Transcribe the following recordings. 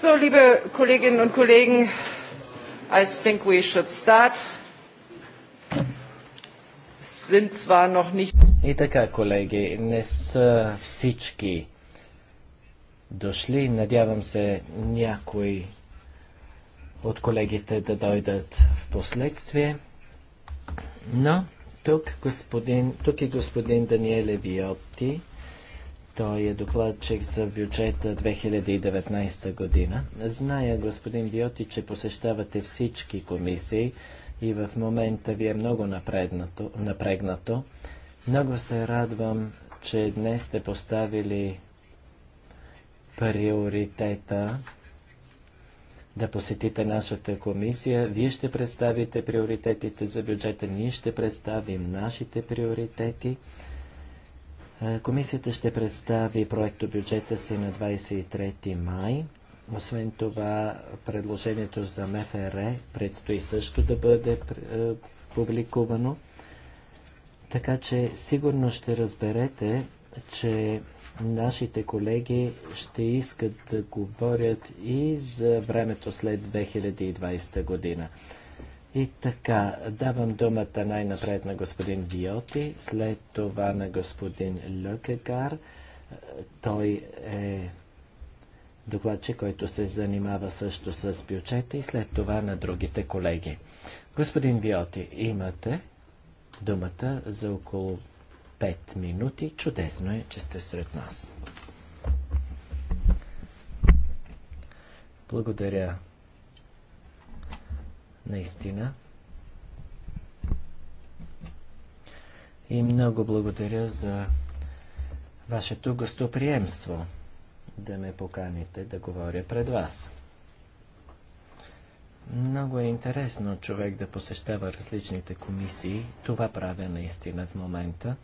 So, liebe Kolleginnen und Kollegen, I think we should start. Sind zwar noch nicht... И така, колеги, не са всички дошли. Надявам се някои от колегите да дойдат в последствие. Но тук, господин, тук е господин Даниеле Виотти, той е докладчик за бюджета 2019 година. Зная, господин Биоти, че посещавате всички комисии и в момента ви е много напрегнато. напрегнато. Много се радвам, че днес сте поставили приоритета да посетите нашата комисия. Вие ще представите приоритетите за бюджета, ние ще представим нашите приоритети. Е, комисията ще представи проекто бюджета си на 23 май. Освен това, предложението за МФР предстои също да бъде е, публикувано. Така че сигурно ще разберете, че нашите колеги ще искат да говорят и за времето след 2020 година. И така, давам думата най-напред на господин Виоти, след това на господин Лъкегар. Той е докладчик, който се занимава също с бюджета и след това на другите колеги. Господин Виоти, имате думата за около 5 минути. Чудесно е, че сте сред нас. Благодаря, наистина. И много благодаря за вашето гостоприемство да ме поканите да говоря пред вас. Много е интересно човек да посещава различните комисии. Това правя наистина в момента.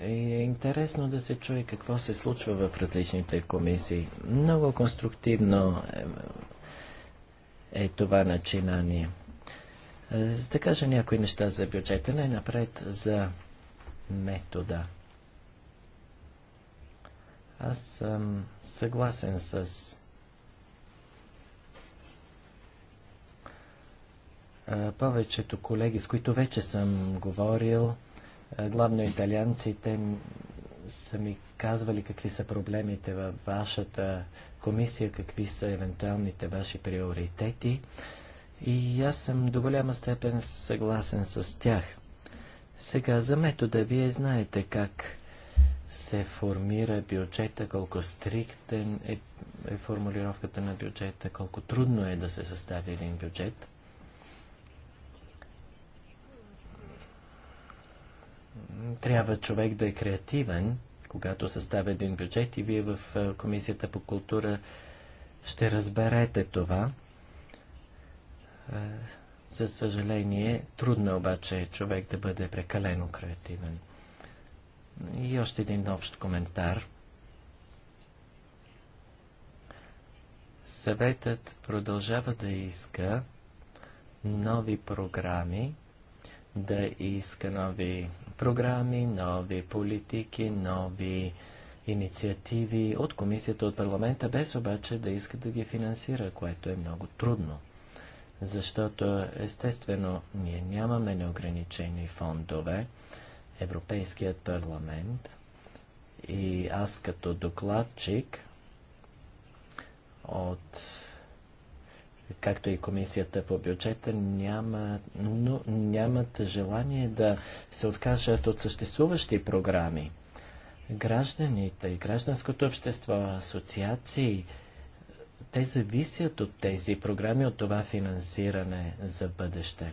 И е интересно да се чуе какво се случва в различните комисии. Много конструктивно е това начинание. Е, за да кажа някои неща за бюджета, най-напред за метода. Аз съм съгласен с е, повечето колеги, с които вече съм говорил, е, главно италианците са ми казвали какви са проблемите във вашата комисия, какви са евентуалните ваши приоритети. И аз съм до голяма степен съгласен с тях. Сега за метода вие знаете как се формира бюджета, колко стриктен е, е формулировката на бюджета, колко трудно е да се състави един бюджет. Трябва човек да е креативен когато съставя един бюджет и вие в Комисията по култура ще разберете това. За съжаление, трудно е обаче е човек да бъде прекалено креативен. И още един общ коментар. Съветът продължава да иска нови програми, да иска нови програми, нови политики, нови инициативи от комисията, от парламента, без обаче да иска да ги финансира, което е много трудно. Защото, естествено, ние нямаме неограничени фондове. Европейският парламент и аз като докладчик от както и комисията по бюджета, няма, но, нямат желание да се откажат от съществуващи програми. Гражданите и гражданското общество, асоциации, те зависят от тези програми, от това финансиране за бъдеще.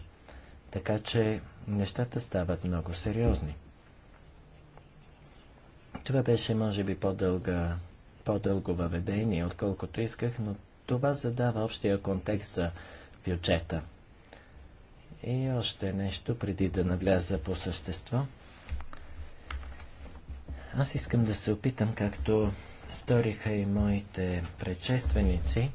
Така че нещата стават много сериозни. Това беше, може би, по-дълга, по-дълго въведение, отколкото исках, но това задава общия контекст за бюджета. И още нещо, преди да навляза по същество. Аз искам да се опитам, както сториха и моите предшественици,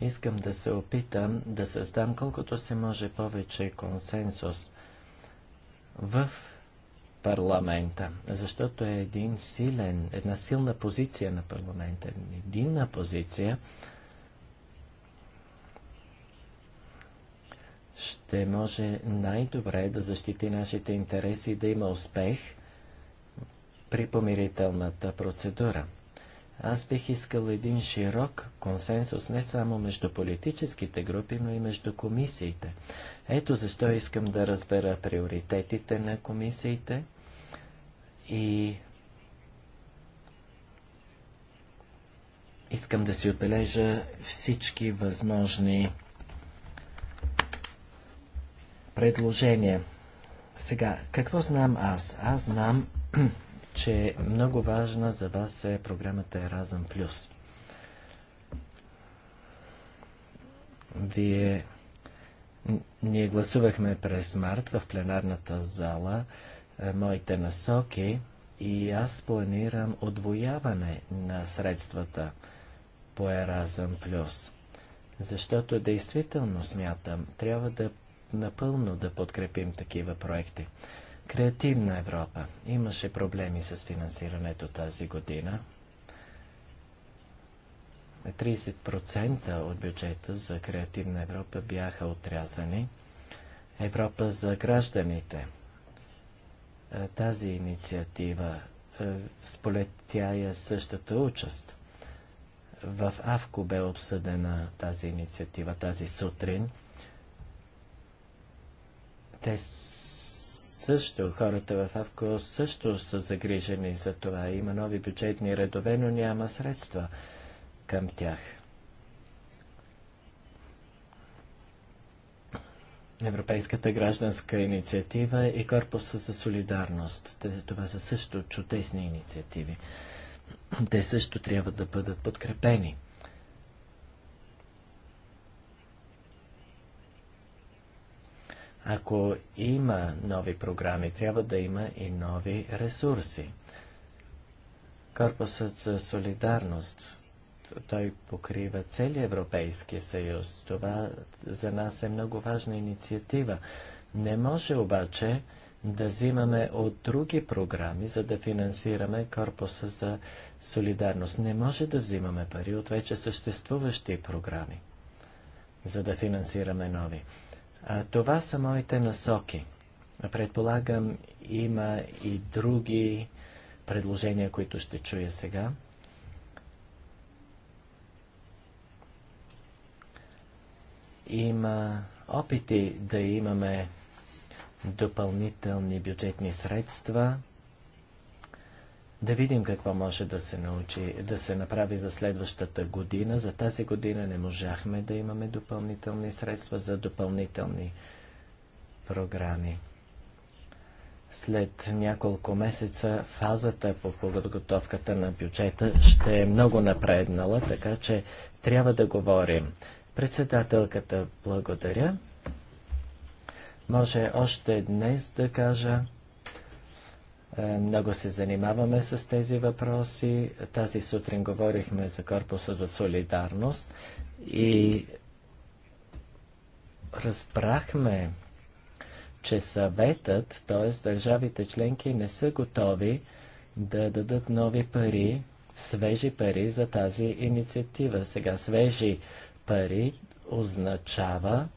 искам да се опитам да създам колкото се може повече консенсус в парламента, защото е един силен, една силна позиция на парламента, единна позиция, ще може най-добре да защити нашите интереси и да има успех при помирителната процедура. Аз бих искал един широк консенсус не само между политическите групи, но и между комисиите. Ето защо искам да разбера приоритетите на комисиите и искам да си отбележа всички възможни предложение. Сега, какво знам аз? Аз знам, че много важна за вас е програмата Еразъм Плюс. Вие... Ние гласувахме през март в пленарната зала е, моите насоки и аз планирам отвояване на средствата по Еразъм Плюс. Защото действително смятам, трябва да напълно да подкрепим такива проекти. Креативна Европа. Имаше проблеми с финансирането тази година. 30% от бюджета за Креативна Европа бяха отрязани. Европа за гражданите. Е, тази инициатива е, сполетя я е същата участ. В Авко бе обсъдена тази инициатива тази сутрин – те също, хората в Авко също са загрижени за това. Има нови бюджетни редове, но няма средства към тях. Европейската гражданска инициатива и Корпуса за солидарност. Това са също чудесни инициативи. Те също трябва да бъдат подкрепени. Ако има нови програми, трябва да има и нови ресурси. Корпусът за солидарност, той покрива цели Европейски съюз. Това за нас е много важна инициатива. Не може обаче да взимаме от други програми, за да финансираме корпуса за солидарност. Не може да взимаме пари от вече съществуващи програми, за да финансираме нови. Това са моите насоки. Предполагам, има и други предложения, които ще чуя сега. Има опити да имаме допълнителни бюджетни средства да видим какво може да се научи, да се направи за следващата година. За тази година не можахме да имаме допълнителни средства за допълнителни програми. След няколко месеца фазата по подготовката на бюджета ще е много напреднала, така че трябва да говорим. Председателката благодаря. Може още днес да кажа, е, много се занимаваме с тези въпроси. Тази сутрин говорихме за Корпуса за солидарност и разбрахме, че съветът, т.е. държавите членки не са готови да дадат нови пари, свежи пари за тази инициатива. Сега свежи пари означава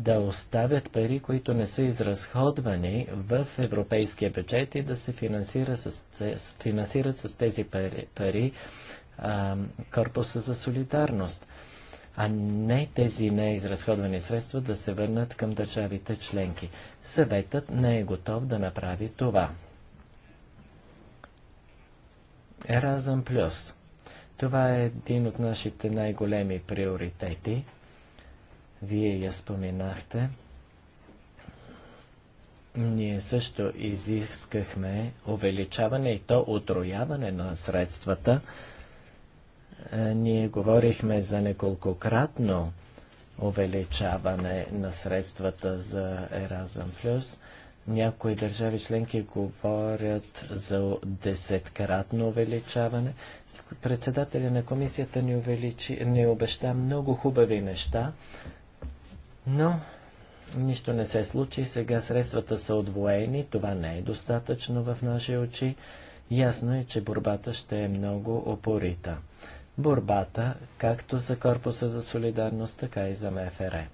да оставят пари, които не са изразходвани в европейския бюджет и да се финансира с, с, финансират с тези пари, пари а, Корпуса за солидарност, а не тези неизразходвани средства да се върнат към държавите членки. Съветът не е готов да направи това. Еразъм Плюс. Това е един от нашите най-големи приоритети – вие я споменахте. Ние също изискахме увеличаване и то отрояване на средствата. Е, ние говорихме за неколкократно увеличаване на средствата за Еразъм Плюс. Някои държави членки говорят за десеткратно увеличаване. Председателя на комисията ни, увеличи, ни обеща много хубави неща, но нищо не се случи, сега средствата са отвоени, това не е достатъчно в наши очи. Ясно е, че борбата ще е много опорита. Борбата, както за Корпуса за солидарност, така и за МФР.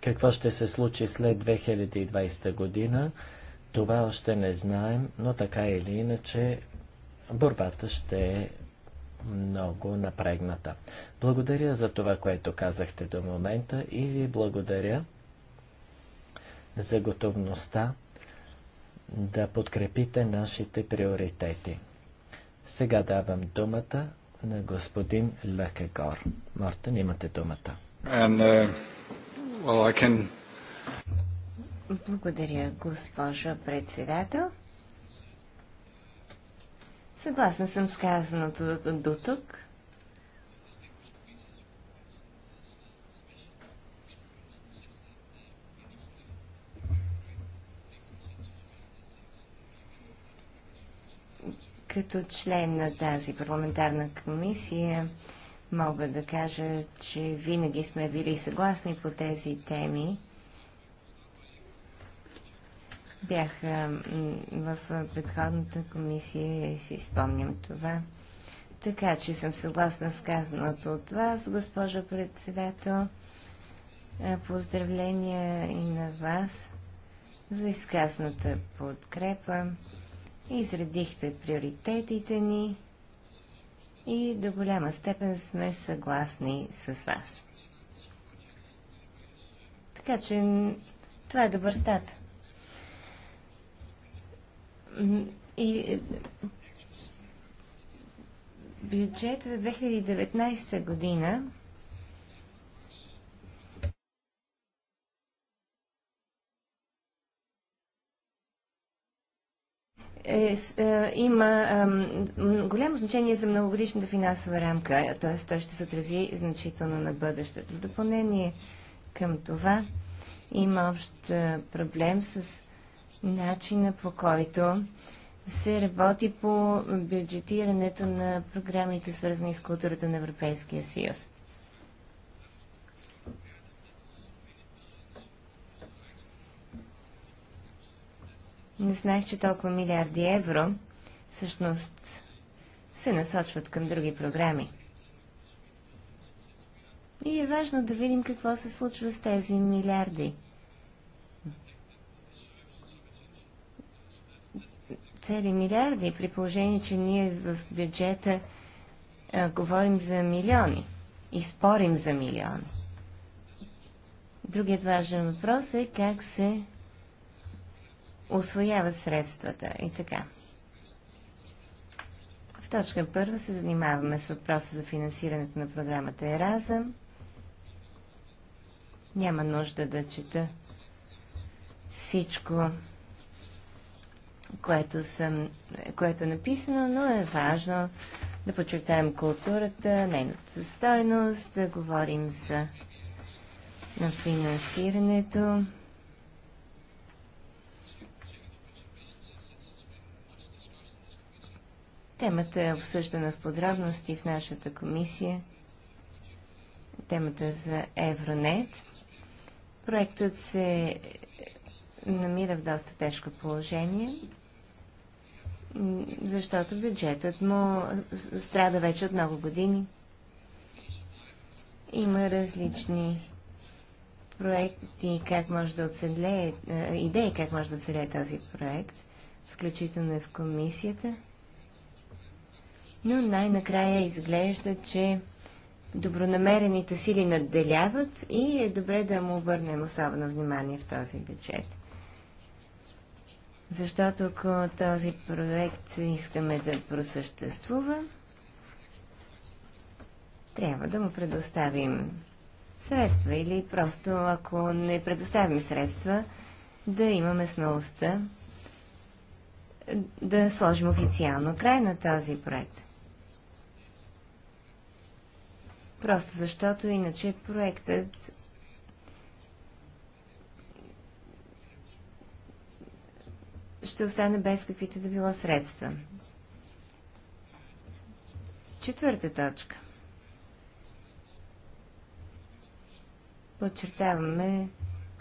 Какво ще се случи след 2020 година, това още не знаем, но така или иначе борбата ще е много напрегната. Благодаря за това, което казахте до момента и ви благодаря за готовността да подкрепите нашите приоритети. Сега давам думата на господин Лекегор. Мартин, имате думата. And, uh, well, can... Благодаря, госпожо председател. Съгласна съм с казаното до тук. Като член на тази парламентарна комисия мога да кажа, че винаги сме били съгласни по тези теми Бях в предходната комисия и си спомням това. Така че съм съгласна с казаното от вас, госпожо председател. Поздравления и на вас за изказната подкрепа. Изредихте приоритетите ни и до голяма степен сме съгласни с вас. Така че това е добър стат и е, бюджета за 2019 година е, е, има е, голямо значение за многогодишната финансова рамка, т.е. той ще се отрази значително на бъдещето. В допълнение към това има общ е, проблем с начина по който се работи по бюджетирането на програмите, свързани с културата на Европейския съюз. Не знаех, че толкова милиарди евро всъщност се насочват към други програми. И е важно да видим какво се случва с тези милиарди. 7 милиарда при положение, че ние в бюджета а, говорим за милиони и спорим за милиони. Другият важен въпрос е как се освояват средствата и така. В точка първа се занимаваме с въпроса за финансирането на програмата Еразъм. Няма нужда да чета всичко което, съм, което е написано, но е важно да подчертаем културата, нейната стойност, да говорим за на финансирането. Темата е обсъждана в подробности в нашата комисия. Темата за Евронет. Проектът се намира в доста тежко положение защото бюджетът му страда вече от много години. Има различни проекти, как може да оцелее, е, идеи как може да оцелее този проект, включително и в комисията. Но най-накрая изглежда, че добронамерените сили надделяват и е добре да му обърнем особено внимание в този бюджет защото ако този проект искаме да просъществува, трябва да му предоставим средства или просто ако не предоставим средства, да имаме смелостта да сложим официално край на този проект. Просто защото иначе проектът ще остане без каквито да било средства. Четвърта точка. Подчертаваме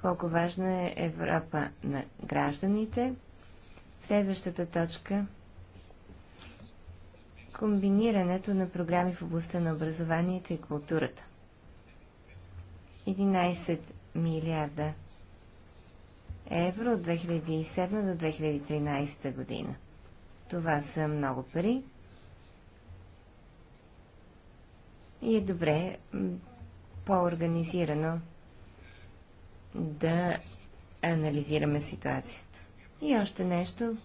колко важна е Европа на гражданите. Следващата точка комбинирането на програми в областта на образованието и културата. 11 милиарда евро от 2007 до 2013 година. Това са много пари. И е добре по-организирано да анализираме ситуацията. И още нещо.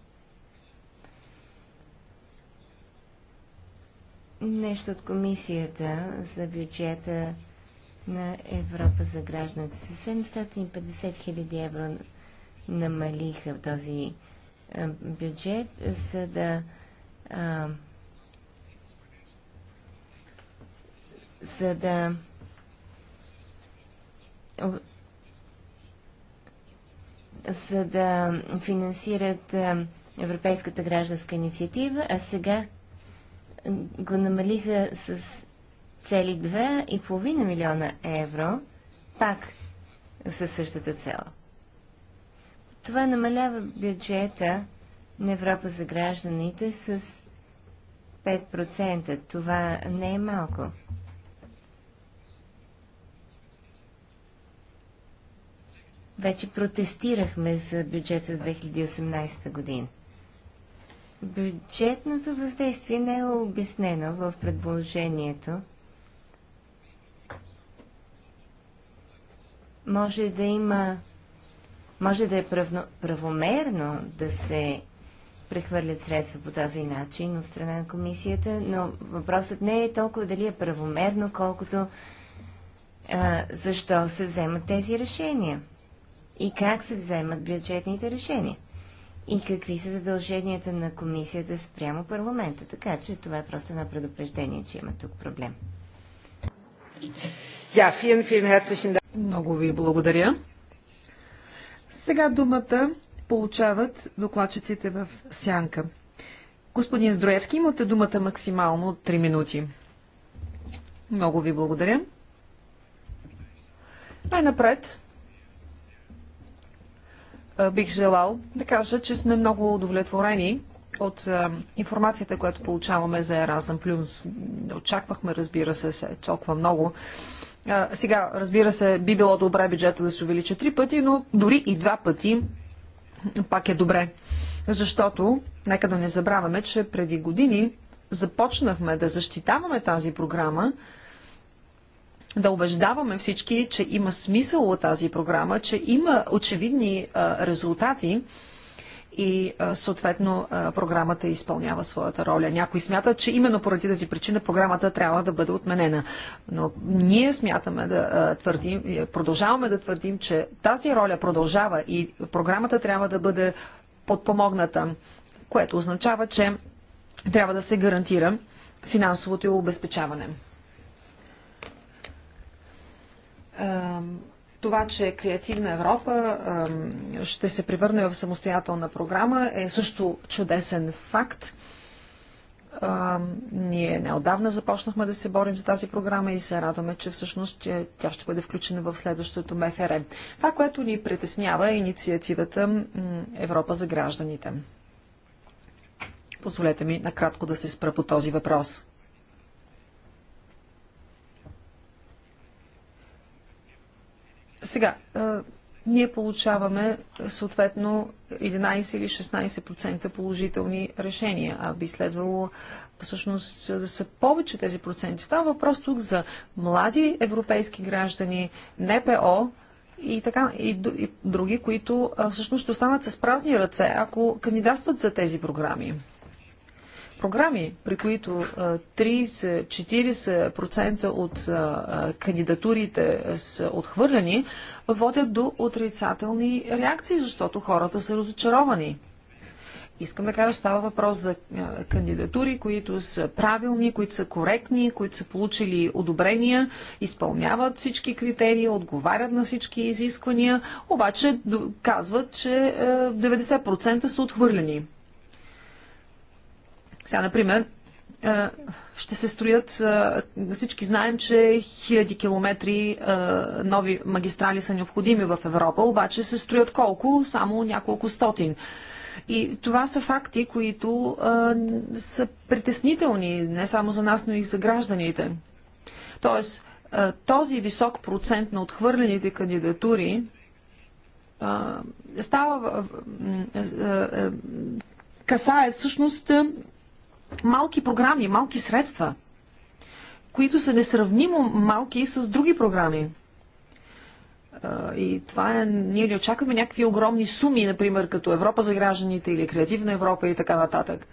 Нещо от комисията за бюджета на Европа за гражданите. 750 000 евро намалиха в този бюджет, за да а, за да за да финансират Европейската гражданска инициатива, а сега го намалиха с цели 2,5 милиона евро, пак със същата цел. Това намалява бюджета на Европа за гражданите с 5%. Това не е малко. Вече протестирахме за бюджета за 2018 година. Бюджетното въздействие не е обяснено в предложението. Може да има може да е правно, правомерно да се прехвърлят средства по този начин от страна на комисията, но въпросът не е толкова дали е правомерно, колкото а, защо се вземат тези решения и как се вземат бюджетните решения и какви са задълженията на комисията спрямо парламента. Така че това е просто едно предупреждение, че има тук проблем. Много ви благодаря. Сега думата получават докладчиците в сянка. Господин Здроевски, имате думата максимално 3 минути. Много ви благодаря. Най-напред бих желал да кажа, че сме много удовлетворени от информацията, която получаваме за плюс не Очаквахме, разбира се, толкова много. А, сега, разбира се, би било добре бюджета да се увеличи три пъти, но дори и два пъти пак е добре. Защото, нека да не забравяме, че преди години започнахме да защитаваме тази програма, да убеждаваме всички, че има смисъл от тази програма, че има очевидни а, резултати, и съответно програмата изпълнява своята роля. Някои смятат, че именно поради тази причина програмата трябва да бъде отменена. Но ние смятаме да твърдим, продължаваме да твърдим, че тази роля продължава и програмата трябва да бъде подпомогната, което означава, че трябва да се гарантира финансовото обезпечаване. Това, че Креативна Европа ще се превърне в самостоятелна програма е също чудесен факт. ние неодавна започнахме да се борим за тази програма и се радваме, че всъщност е, тя ще бъде включена в следващото МФР. Това, което ни притеснява е инициативата Европа за гражданите. Позволете ми накратко да се спра по този въпрос. Сега, ние получаваме съответно 11 или 16% положителни решения, а би следвало всъщност да са повече тези проценти. Става въпрос тук за млади европейски граждани, НПО и, така, и, и други, които всъщност останат с празни ръце, ако кандидатстват за тези програми програми, при които 30-40% от кандидатурите са отхвърлени, водят до отрицателни реакции, защото хората са разочаровани. Искам да кажа, става въпрос за кандидатури, които са правилни, които са коректни, които са получили одобрения, изпълняват всички критерии, отговарят на всички изисквания, обаче казват, че 90% са отхвърлени. Сега, например, ще се строят, всички знаем, че хиляди километри нови магистрали са необходими в Европа, обаче се строят колко? Само няколко стотин. И това са факти, които са притеснителни не само за нас, но и за гражданите. Тоест, този висок процент на отхвърлените кандидатури става. касае всъщност малки програми, малки средства, които са несравнимо малки с други програми. И това е, ние не очакваме някакви огромни суми, например, като Европа за гражданите или Креативна Европа и така нататък.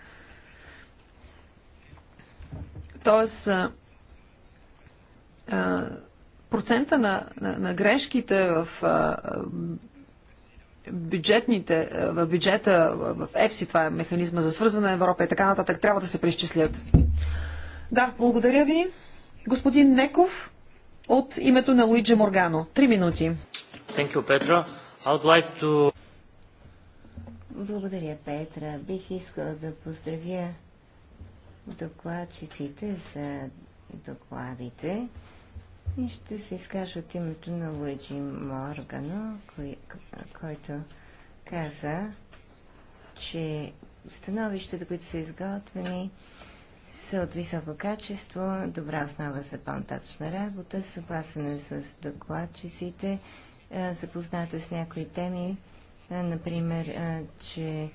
Тоест, процента на, на, на грешките в бюджетните, е, в бюджета, в ЕФСИ, това е механизма за свързана Европа и така нататък, трябва да се преизчислят. Да, благодаря ви. Господин Неков от името на Луиджи Моргано. Три минути. Thank you, Petra. I would like to... Благодаря, Петра. Бих искала да поздравя докладчиците за докладите. И ще се изкажа от името на Луиджи Моргано, кой, който каза, че становищата, които са изготвени, са от високо качество, добра основа за по-нататъчна работа, съгласен е с докладчиците, е, запозната с някои теми, е, например, е, че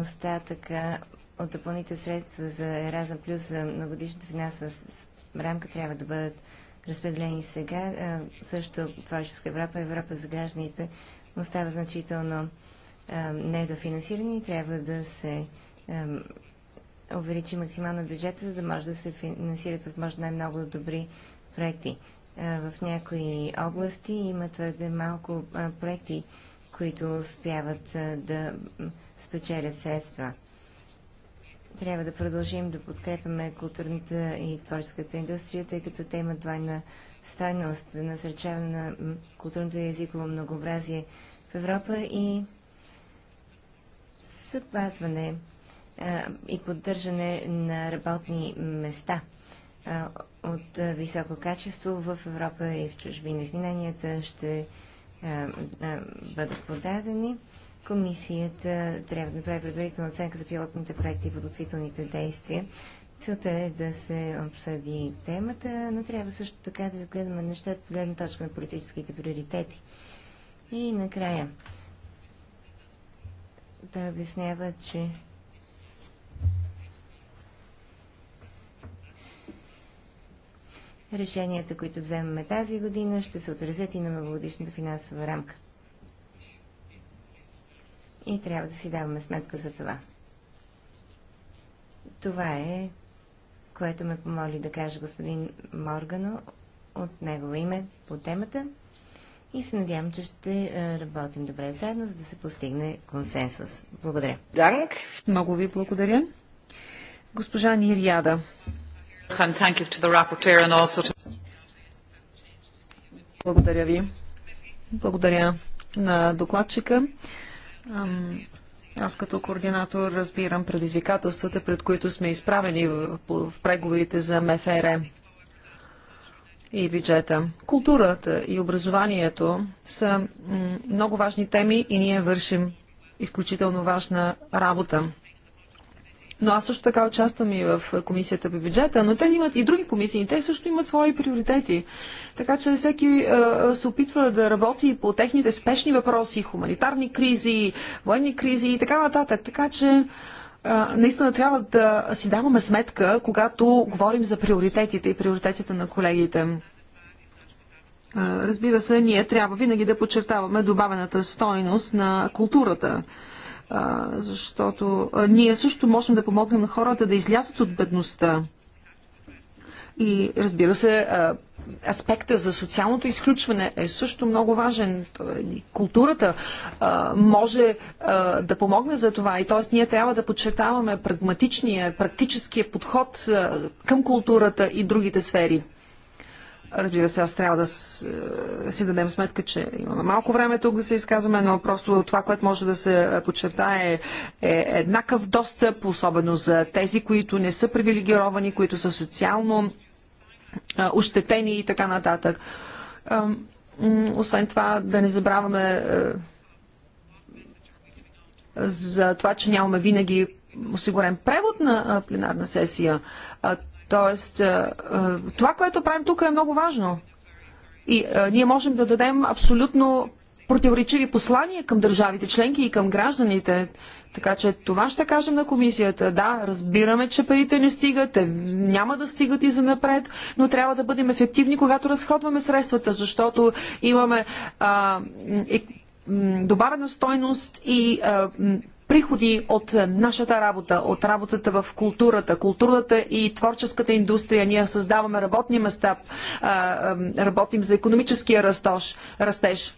остатъка от допълните средства за Еразъм плюс за многодишната финансова рамка трябва да бъдат разпределени сега. Също Творческа Европа, Европа за гражданите остава значително недофинансирани и трябва да се увеличи максимално бюджета, за да може да се финансират възможно най-много добри проекти. В някои области има твърде малко проекти, които успяват да спечелят средства трябва да продължим да подкрепяме културната и творческата индустрия, тъй като те имат двойна е стойност за насърчаване на културното и езиково многообразие в Европа и съпазване а, и поддържане на работни места а, от а, високо качество в Европа и в чужбина. Извиненията ще бъдат подадени. Комисията трябва да направи предварителна оценка за пилотните проекти и подготвителните действия. Целта е да се обсъди темата, но трябва също така да гледаме нещата от гледна точка на политическите приоритети. И накрая. Той обяснява, че решенията, които вземаме тази година, ще се отразят и на многогодишната финансова рамка. И трябва да си даваме сметка за това. Това е, което ме помоли да каже господин Моргано от негово име по темата. И се надявам, че ще е, работим добре заедно, за да се постигне консенсус. Благодаря. Данк. Много ви благодаря. Госпожа Нирияда. Благодаря ви. Благодаря на докладчика. Аз като координатор разбирам предизвикателствата, пред които сме изправени в, преговорите за МФР и бюджета. Културата и образованието са много важни теми и ние вършим изключително важна работа. Но аз също така участвам и в комисията по бюджета, но те имат и други комисии, и те също имат свои приоритети. Така че всеки е, е, се опитва да работи по техните спешни въпроси, хуманитарни кризи, военни кризи и така нататък. Така че е, наистина трябва да си даваме сметка, когато говорим за приоритетите и приоритетите на колегите. Разбира се, ние трябва винаги да подчертаваме добавената стойност на културата защото ние също можем да помогнем на хората да излязат от бедността. И разбира се, аспекта за социалното изключване е също много важен. Е, културата може да помогне за това и т.е. ние трябва да подчертаваме прагматичния, практическия подход към културата и другите сфери. Разбира се, аз трябва да е, си дадем сметка, че имаме малко време тук да се изказваме, но просто това, което може да се подчертае е еднакъв достъп, особено за тези, които не са привилегировани, които са социално е, ощетени и така нататък. Освен това, да не забравяме е, за това, че нямаме винаги осигурен превод на пленарна сесия. Тоест, е, е, това, което правим тук е много важно. И е, ние можем да дадем абсолютно противоречиви послания към държавите членки и към гражданите. Така че това ще кажем на комисията. Да, разбираме, че парите не стигат, няма да стигат и за напред, но трябва да бъдем ефективни, когато разходваме средствата, защото имаме а, е, добавена стойност и а, приходи от е, нашата работа, от работата в културата, културната и творческата индустрия. Ние създаваме работни места, е, е, работим за економическия растеж, растеж.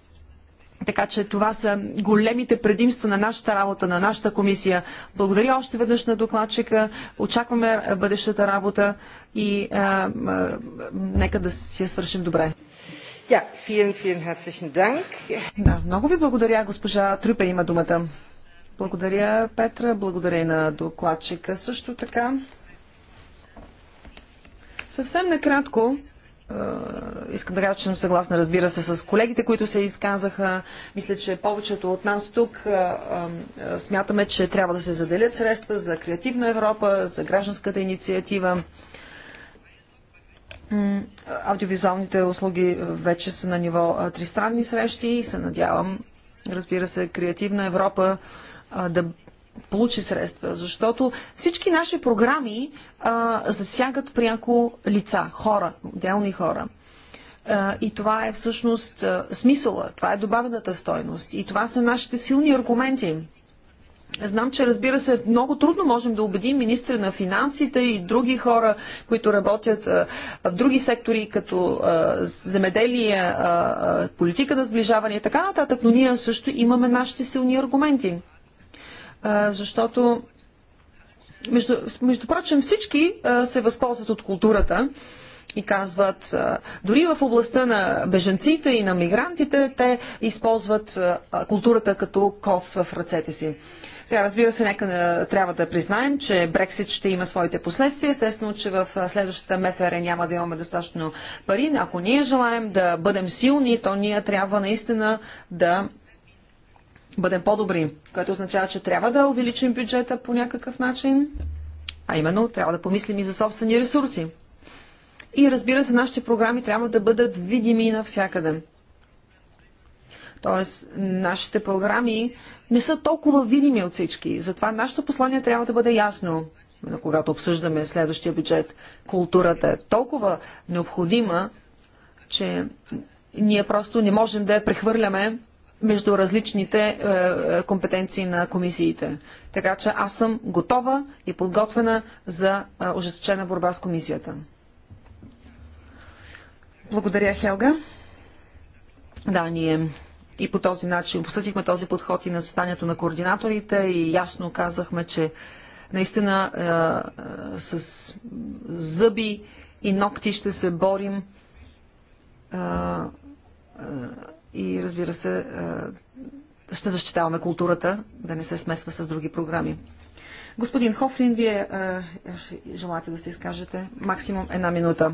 Така че това са големите предимства на нашата работа, на нашата комисия. Благодаря още веднъж на докладчика. Очакваме бъдещата работа и а, а, нека да си я свършим добре. vielen, vielen herzlichen Dank. Да, много ви благодаря, госпожа Трюпе има думата. Благодаря, Петра. Благодаря и на докладчика също така. Съвсем накратко, искам да кажа, че съм съгласна, разбира се, с колегите, които се изказаха. Мисля, че повечето от нас тук смятаме, че трябва да се заделят средства за креативна Европа, за гражданската инициатива. Аудиовизуалните услуги вече са на ниво тристранни срещи и се надявам, разбира се, креативна Европа а, да получи средства, защото всички наши програми а, засягат пряко лица, хора, отделни хора. А, и това е всъщност а, смисъла, това е добавената стойност и това са нашите силни аргументи. Знам, че разбира се, много трудно можем да убедим министра на финансите и други хора, които работят а, в други сектори, като а, земеделие, а, политика на сближаване и така нататък, но ние също имаме нашите силни аргументи защото между, между прочим всички се възползват от културата и казват, дори в областта на беженците и на мигрантите, те използват културата като кос в ръцете си. Сега, разбира се, нека трябва да признаем, че Брексит ще има своите последствия. Естествено, че в следващата МФР няма да имаме достатъчно пари. Ако ние желаем да бъдем силни, то ние трябва наистина да бъдем по-добри, което означава, че трябва да увеличим бюджета по някакъв начин, а именно трябва да помислим и за собствени ресурси. И разбира се, нашите програми трябва да бъдат видими навсякъде. Тоест, нашите програми не са толкова видими от всички. Затова нашето послание трябва да бъде ясно, когато обсъждаме следващия бюджет. Културата е толкова необходима, че ние просто не можем да я прехвърляме между различните е, е, компетенции на комисиите. Така че аз съм готова и подготвена за е, ожесточена борба с комисията. Благодаря, Хелга. Да, ние и по този начин обсъдихме този подход и на състанието на координаторите и ясно казахме, че наистина е, е с зъби и ногти ще се борим е, и разбира се, ще защитаваме културата, да не се смесва с други програми. Господин Хофлин, вие желаете да се изкажете максимум една минута.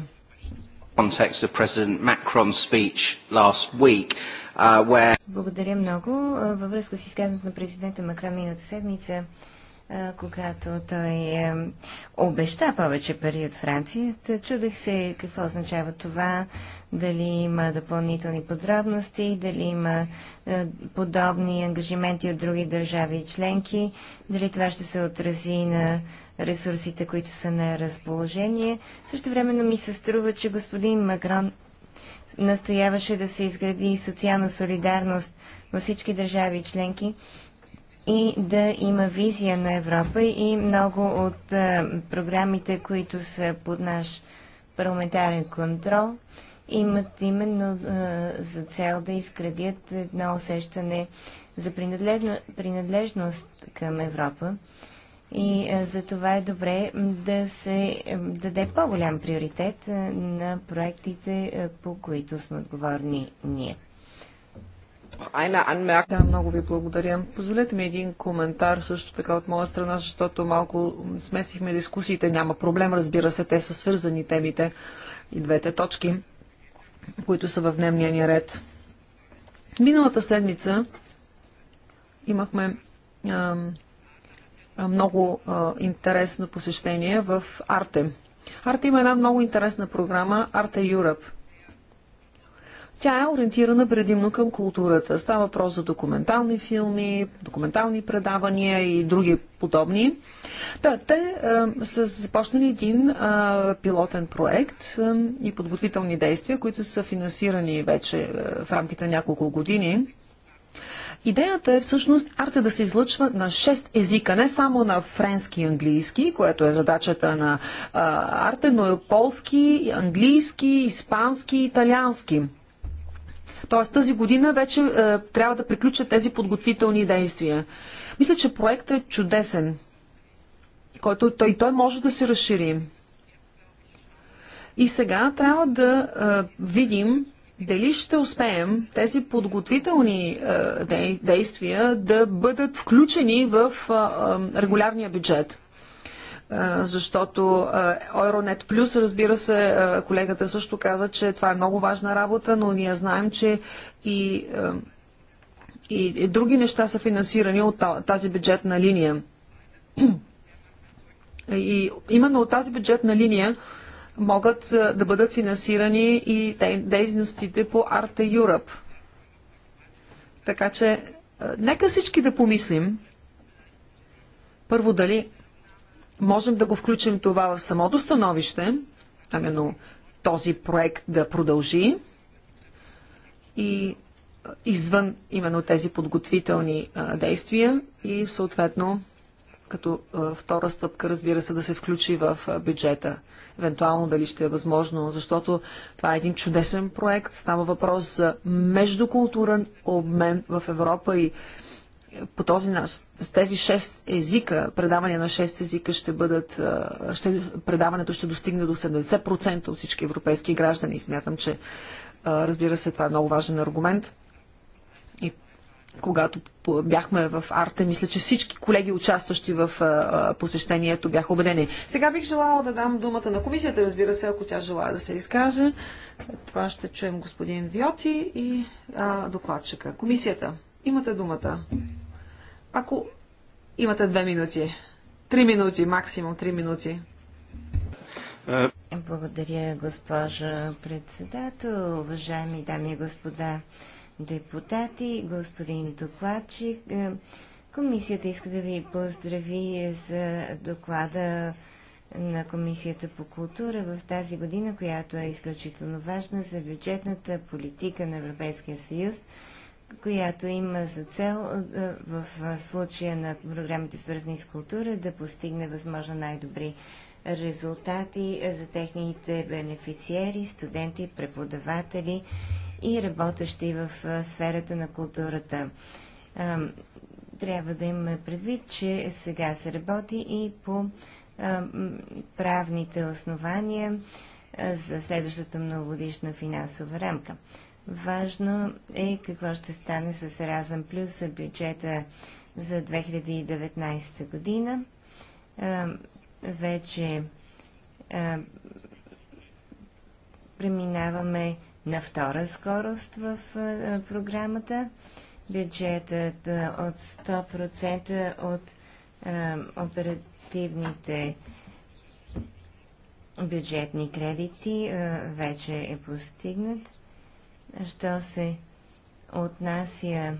Uh, Благодаря много. Във връзка с изказването на президента Макрон миналата седмица, когато той е, обеща повече пари от Франция. Чудех се какво означава това, дали има допълнителни подробности, дали има е, подобни ангажименти от други държави и членки, дали това ще се отрази на ресурсите, които са на разположение. Също времено ми се струва, че господин Макрон настояваше да се изгради социална солидарност във всички държави и членки и да има визия на Европа и много от а, програмите, които са под наш парламентарен контрол, имат именно а, за цел да изградят едно усещане за принадлежно, принадлежност към Европа. И а, за това е добре да се даде по-голям приоритет на проектите, по които сме отговорни ние. Да, много ви благодаря. Позволете ми един коментар също така от моя страна, защото малко смесихме дискусиите. Няма проблем, разбира се, те са свързани темите и двете точки, които са в дневния ни ред. Миналата седмица имахме а, много а, интересно посещение в Арте. Арте има една много интересна програма Арте Europe. Тя е ориентирана предимно към културата. Става въпрос за документални филми, документални предавания и други подобни. Да, те а, е, са започнали един а, е, пилотен проект а, е, и подготвителни действия, които са финансирани вече а, в рамките на няколко години. Идеята е всъщност арта да се излъчва на 6 езика, не само на френски и английски, което е задачата на а, арте, но и полски, английски, испански, италиански. Тоест тази година вече е, трябва да приключат тези подготвителни действия. Мисля, че проектът е чудесен, който той, той може да се разшири. И сега трябва да е, видим дали ще успеем тези подготвителни е, действия да бъдат включени в е, е регулярния бюджет защото Euronet Plus, разбира се, колегата също каза, че това е много важна работа, но ние знаем, че и, и други неща са финансирани от тази бюджетна линия. И именно от тази бюджетна линия могат да бъдат финансирани и дейностите по Arte Europe. Така че, нека всички да помислим първо дали можем да го включим това в самото становище, именно този проект да продължи и извън именно тези подготвителни а, действия и съответно като а, втора стъпка, разбира се, да се включи в а, бюджета. Евентуално дали ще е възможно, защото това е един чудесен проект. Става въпрос за междукултурен обмен в Европа и по този с тези 6 езика, предавания на 6 езика ще бъдат, ще, предаването ще достигне до 70% от всички европейски граждани. Смятам, че разбира се, това е много важен аргумент. И когато бяхме в Арте, мисля, че всички колеги, участващи в посещението, бяха убедени. Сега бих желала да дам думата на комисията, разбира се, ако тя желая да се изкаже. това ще чуем господин Виоти и а, докладчика. Комисията, имате думата. Ако имате две минути, три минути, максимум три минути. Е, благодаря, госпожа председател, уважаеми дами и господа депутати, господин докладчик. Е, комисията иска да ви поздрави за доклада на Комисията по култура в тази година, която е изключително важна за бюджетната политика на Европейския съюз която има за цел в случая на програмите свързани с култура да постигне възможно най-добри резултати за техните бенефициери, студенти, преподаватели и работещи в сферата на културата. Трябва да имаме предвид, че сега се работи и по правните основания за следващата многогодишна финансова рамка. Важно е какво ще стане с Еразъм Плюс за бюджета за 2019 година. Вече преминаваме на втора скорост в програмата. Бюджетът от 100% от оперативните бюджетни кредити вече е постигнат що се отнася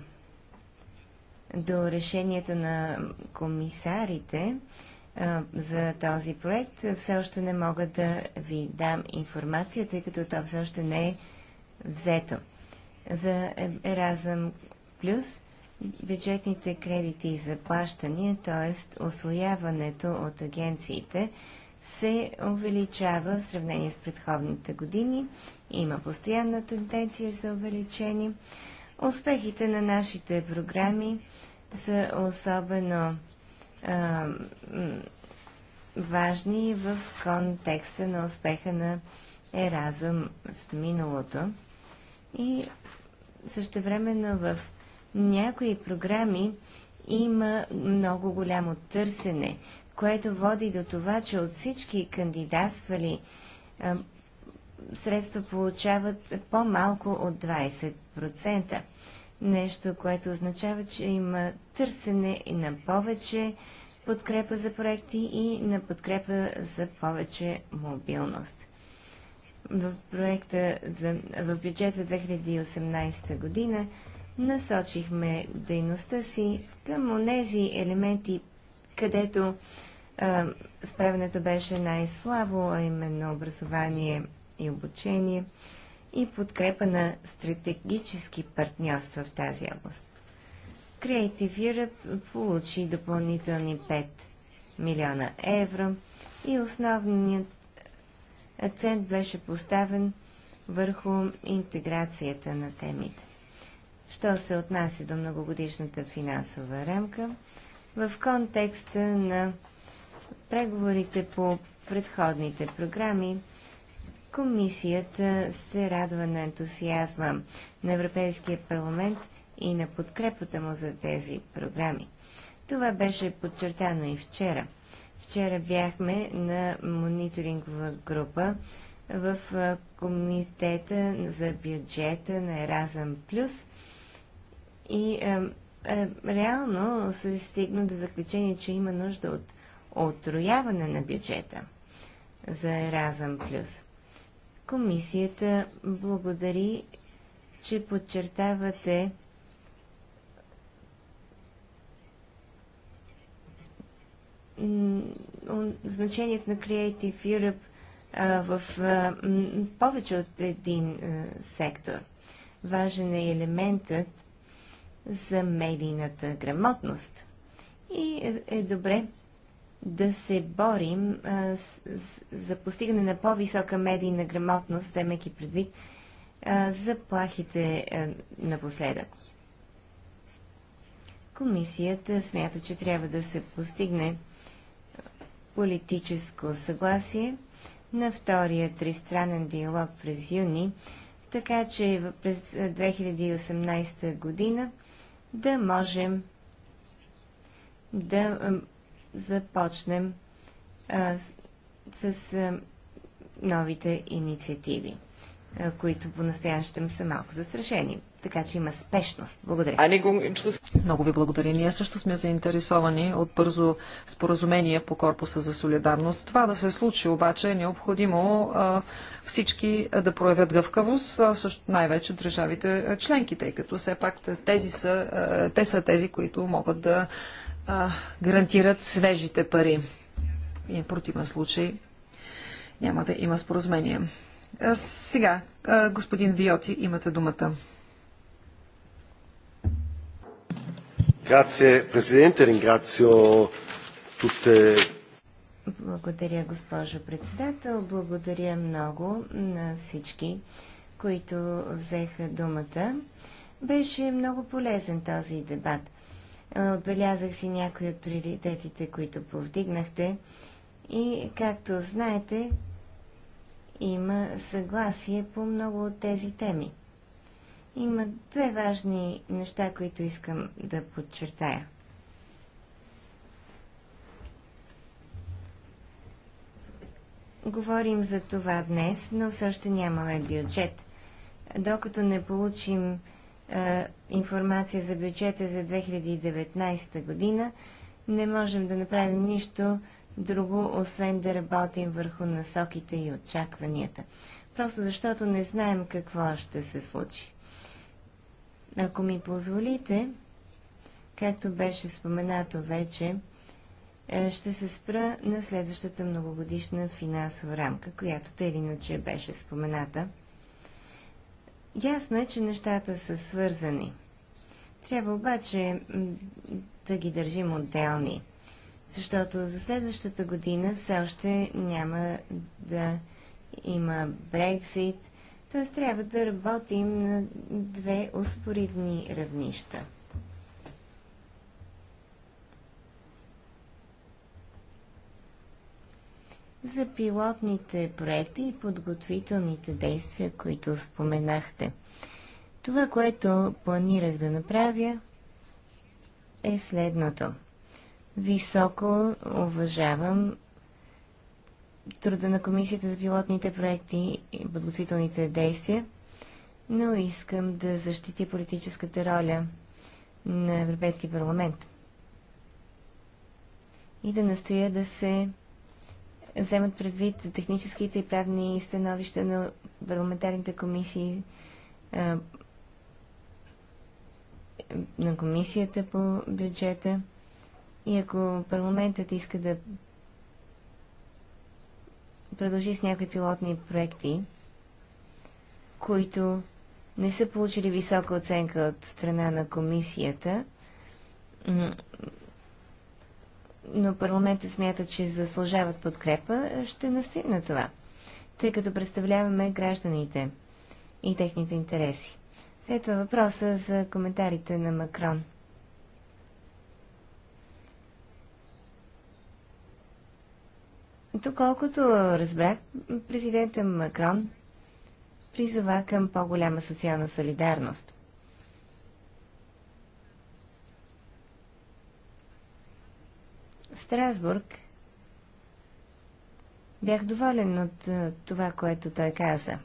до решението на комисарите а, за този проект, все още не мога да ви дам информация, тъй като то все още не е взето. За Еразъм Плюс бюджетните кредити и заплащания, т.е. освояването от агенциите, се увеличава в сравнение с предходните години. Има постоянна тенденция за увеличение. Успехите на нашите програми са особено а, важни в контекста на успеха на Еразъм в миналото. И същевременно в някои програми има много голямо търсене което води до това, че от всички кандидатствали средства получават по-малко от 20%. Нещо, което означава, че има търсене на повече подкрепа за проекти и на подкрепа за повече мобилност. В, проекта за, в бюджет за 2018 година насочихме дейността си към онези елементи, където справянето беше най-слабо, а именно образование и обучение и подкрепа на стратегически партньорства в тази област. Creative Europe получи допълнителни 5 милиона евро и основният акцент беше поставен върху интеграцията на темите. Що се отнася до многогодишната финансова рамка, в контекста на преговорите по предходните програми, комисията се радва на ентусиазма на Европейския парламент и на подкрепата му за тези програми. Това беше подчертано и вчера. Вчера бяхме на мониторингова група в Комитета за бюджета на Еразъм Плюс и а, а, реално се стигна до заключение, че има нужда от отрояване на бюджета за Еразъм Плюс. Комисията благодари, че подчертавате значението на Creative Europe в повече от един сектор. Важен е елементът за медийната грамотност. И е, е добре да се борим а, с, с, за постигане на по-висока медийна грамотност, вземайки предвид а, заплахите а, напоследък. Комисията смята, че трябва да се постигне политическо съгласие на втория тристранен диалог през юни, така че през 2018 година да можем да започнем а, с, с а, новите инициативи, а, които по-настоящем са малко застрашени. Така че има спешност. Благодаря. Много ви благодаря. Ние също сме заинтересовани от бързо споразумение по Корпуса за солидарност. Това да се случи обаче е необходимо а, всички а, да проявят гъвкавост, а, също най-вече държавите членки, тъй като все пак тези са, те са тези, които могат да а, гарантират свежите пари. И в противен случай няма да има споразумение. А, сега, а, господин Виоти, имате думата. Грация, президенте, ringrazio tutte благодаря, госпожо председател. Благодаря много на всички, които взеха думата. Беше много полезен този дебат. Е, отбелязах си някои от приоритетите, които повдигнахте. И, както знаете, има съгласие по много от тези теми. Има две важни неща, които искам да подчертая. Говорим за това днес, но все още нямаме бюджет. Докато не получим информация за бюджета за 2019 година, не можем да направим нищо друго, освен да работим върху насоките и очакванията. Просто защото не знаем какво ще се случи. Ако ми позволите, както беше споменато вече, е, ще се спра на следващата многогодишна финансова рамка, която те или иначе беше спомената. Ясно е, че нещата са свързани. Трябва обаче да ги държим отделни, защото за следващата година все още няма да има Брексит, т.е. трябва да работим на две успоредни равнища. за пилотните проекти и подготвителните действия, които споменахте. Това, което планирах да направя, е следното. Високо уважавам труда на Комисията за пилотните проекти и подготвителните действия, но искам да защити политическата роля на Европейски парламент и да настоя да се вземат предвид техническите и правни становища на парламентарните комисии на комисията по бюджета и ако парламентът иска да продължи с някои пилотни проекти, които не са получили висока оценка от страна на комисията, но парламентът смята, че заслужават подкрепа, ще настим на това, тъй като представляваме гражданите и техните интереси. След това въпроса за коментарите на Макрон. Доколкото разбрах, президента Макрон призова към по-голяма социална солидарност. Страсбург, бях доволен от това, което той каза.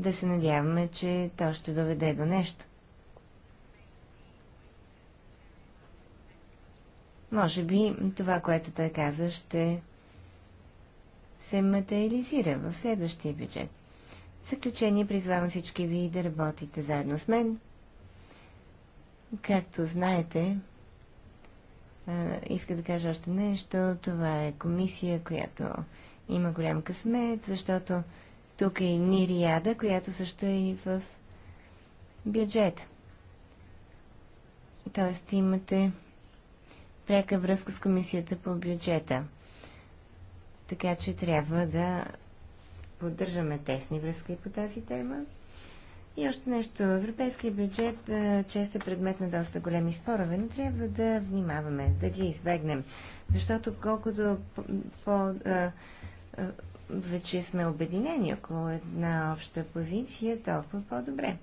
Да се надяваме, че то ще доведе до нещо. Може би това, което той каза, ще се материализира в следващия бюджет. В заключение призвавам всички ви да работите заедно с мен, Както знаете, иска да кажа още нещо. Това е комисия, която има голям късмет, защото тук е и Нириада, която също е и в бюджета. Тоест имате пряка връзка с комисията по бюджета. Така че трябва да поддържаме тесни връзки по тази тема. И още нещо. Европейския бюджет често е предмет на доста големи спорове, но трябва да внимаваме, да ги избегнем. Защото колкото по-вече сме обединени около една обща позиция, толкова по-добре.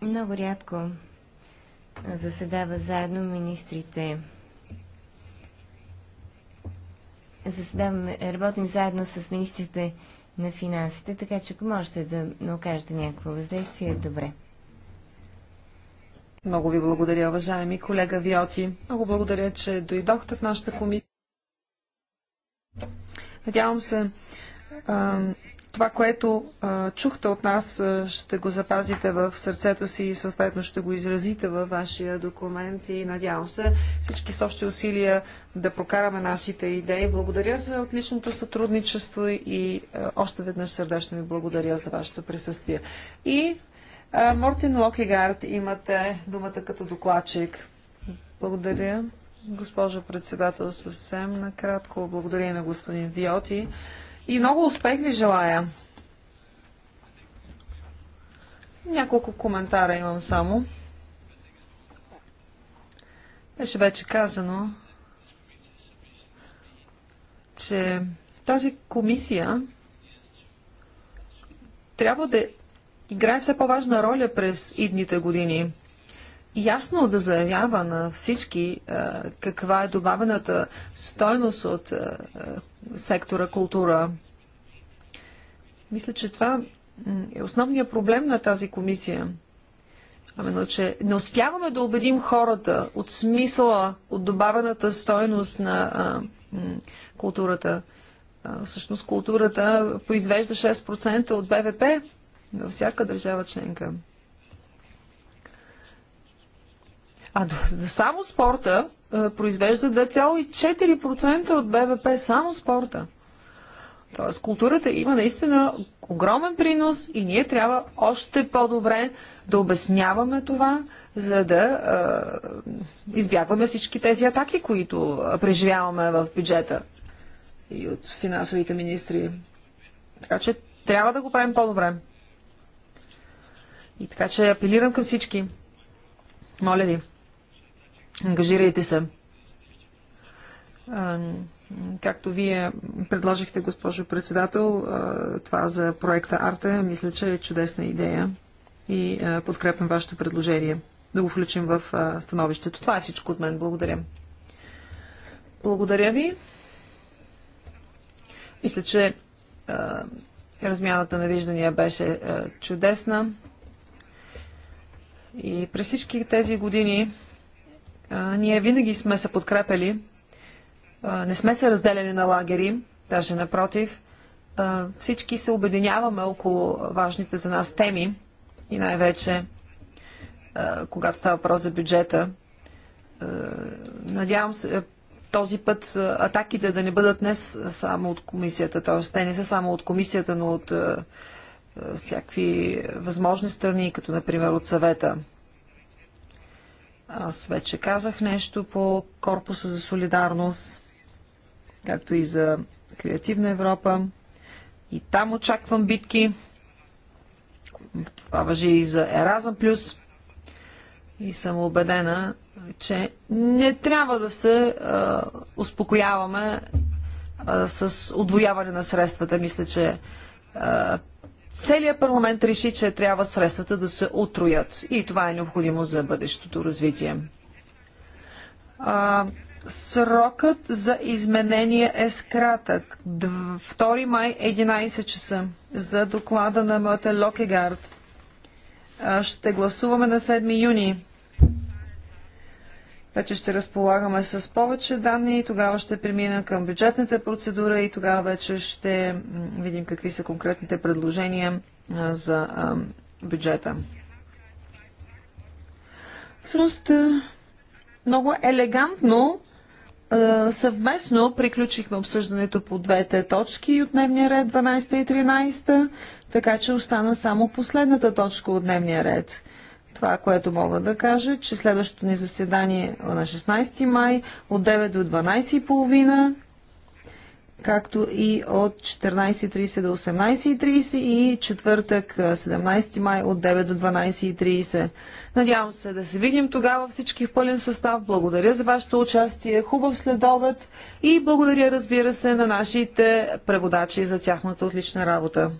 Много рядко заседава заедно министрите. Заседаваме, работим заедно с министрите на финансите, така че ако можете да окажете някакво въздействие, е добре. Много ви благодаря, уважаеми колега Виоти. Много благодаря, че дойдохте в нашата комисия. Надявам се, това, което а, чухте от нас, ще го запазите в сърцето си и съответно ще го изразите във вашия документ и надявам се всички с общи усилия да прокараме нашите идеи. Благодаря за отличното сътрудничество и а, още веднъж сърдечно ви благодаря за вашето присъствие. И а, Мортин Локегард, имате думата като докладчик. Благодаря, госпожо председател, съвсем накратко. Благодаря на господин Виоти и много успех ви желая. Няколко коментара имам само. Беше вече казано, че тази комисия трябва да играе все по-важна роля през идните години. Ясно да заявява на всички каква е добавената стойност от сектора култура. Мисля, че това е основният проблем на тази комисия. Именно, ами, че не успяваме да убедим хората от смисъла, от добавената стойност на а, културата. А, всъщност културата произвежда 6% от БВП във всяка държава членка. А до, до само спорта е, произвежда 2,4% от БВП само спорта. Тоест културата има наистина огромен принос и ние трябва още по-добре да обясняваме това, за да е, избягваме всички тези атаки, които преживяваме в бюджета и от финансовите министри. Така че трябва да го правим по-добре. И така че апелирам към всички. Моля ви. Ангажирайте се. Както вие предложихте, госпожо председател, това за проекта Арте, мисля, че е чудесна идея и подкрепям вашето предложение да го включим в становището. Това е всичко от мен. Благодаря. Благодаря ви. Мисля, че размяната на виждания беше чудесна. И през всички тези години ние винаги сме се подкрепили, не сме се разделяли на лагери, даже напротив. всички се обединяваме около важните за нас теми и най-вече когато става въпрос за бюджета. Надявам се този път атаките да не бъдат не само от комисията, т.е. те не са само от комисията, но от всякакви възможни страни, като например от съвета. Аз вече казах нещо по Корпуса за солидарност, както и за Креативна Европа. И там очаквам битки. Това въжи и за Еразъм Плюс. И съм убедена, че не трябва да се а, успокояваме а, с отвояване на средствата. Мисля, че а, целият парламент реши, че трябва средствата да се отроят и това е необходимо за бъдещото развитие. А, срокът за изменение е скратък. 2 май 11 часа за доклада на Мъте Локегард. Ще гласуваме на 7 юни вече ще разполагаме с повече данни и тогава ще премина към бюджетната процедура и тогава вече ще видим какви са конкретните предложения за бюджета. Всъщност, много елегантно съвместно приключихме обсъждането по двете точки от дневния ред 12 и 13, така че остана само последната точка от дневния ред. Това, което мога да кажа, че следващото ни заседание е на 16 май от 9 до 12.30, както и от 14.30 до 18.30 и четвъртък 17 май от 9 до 12.30. Надявам се да се видим тогава всички в пълен състав. Благодаря за вашето участие, хубав следобед и благодаря, разбира се, на нашите преводачи за тяхната отлична работа.